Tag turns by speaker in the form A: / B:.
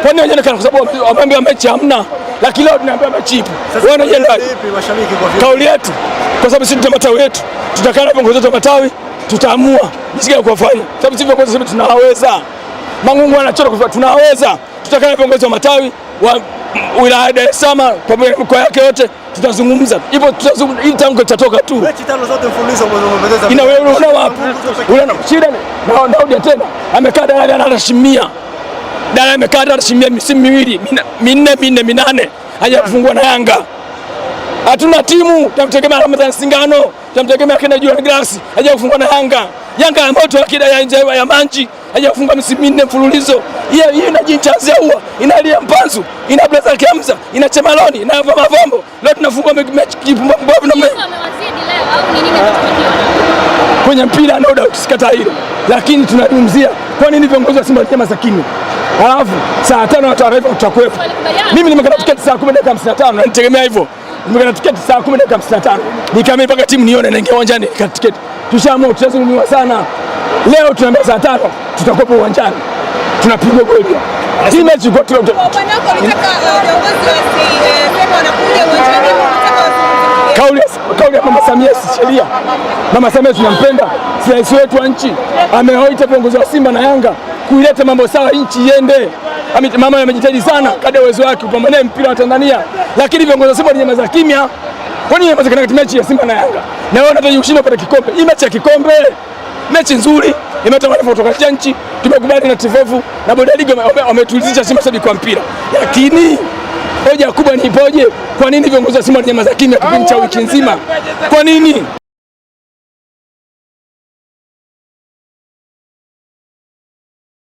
A: kwa Kwani wenyewe kwa sababu wameambia mechi hamna, lakini leo tunaambia mechi ipo. Wewe unajielewa vipi mashabiki kwa vipi? Kauli yetu kwa sababu sisi ndio matawi yetu tutakaa na viongozi wa matawi tutaamua jinsi ya kuwafanya. Sababu sisi viongozi sisi tunaweza. Mangungu anachora kwa tunaweza. Tutakaa na viongozi wa matawi wa wilaya ya Dar es Salaam pamoja na mikoa yake yote tutazungumza. Hivyo tutazungumza hii tangu itatoka tu.
B: Mechi tano zote mfululizo mwanzo.
A: Ina wewe unaona wapi? Unaona shida ni na ndio tena amekaa daraja anashimia. Dada amekaa shilingi misimu miwili minne minne minane hajafungwa na Yanga. Hatuna timu, tamtegemea Ramadhani Singano, tamtegemea kina John Glass, hajafungwa na Yanga. Yanga ya moto akida ya nje ya manji hajafunga misimu minne mfululizo. Hiyo hiyo inajinchazia huwa, inalia mpanzu, ina blaza kiamza, ina chemaloni, ina vama vombo. Leo tunafungwa mechi kipumba mbovu na mimi. Kwenye mpira no doubt sikata hilo. Lakini tunazungumzia kwa nini viongozi wa Simba ni masakini? alafu saa tano watu taarifa tutakuwepo. Mimi nimekata tiketi saa kumi dakika hamsini na tano nitegemea hivyo, nimekata tiketi saa kumi dakika hamsini na tano nikamii mpaka timu nione naingia uwanjani, nikata tiketi. Tushaamua tutazungumiwa sana leo, tunaambia saa tano tutakuwepo uwanjani, tunapigwa goli hii mechi kwa kila uh,
C: eh, mtu
A: kauli kauli ya mama Samia si sheria. Mama Samia tunampenda, si rais wetu wa nchi, ameoita viongozi wa Simba na Yanga kuileta mambo sawa, nchi iende. Mama amejitahidi sana kadri ya uwezo wake kupambania mpira wa Tanzania, lakini viongozi wa Simba ni nyamaza kimya. Kwani nyamaza kati mechi ya Simba na Yanga na wao unataka ushinde upate kikombe? Hii mechi ya kikombe, mechi nzuri, imeleta maarifa kutoka nchi, tumekubali na TFF na bodi ya ligi wametuliza Simba sasa kwa mpira, lakini hoja kubwa ni ipoje? Kwa nini viongozi wa Simba ni nyamaza kimya kipindi cha wiki nzima? Kwa nini?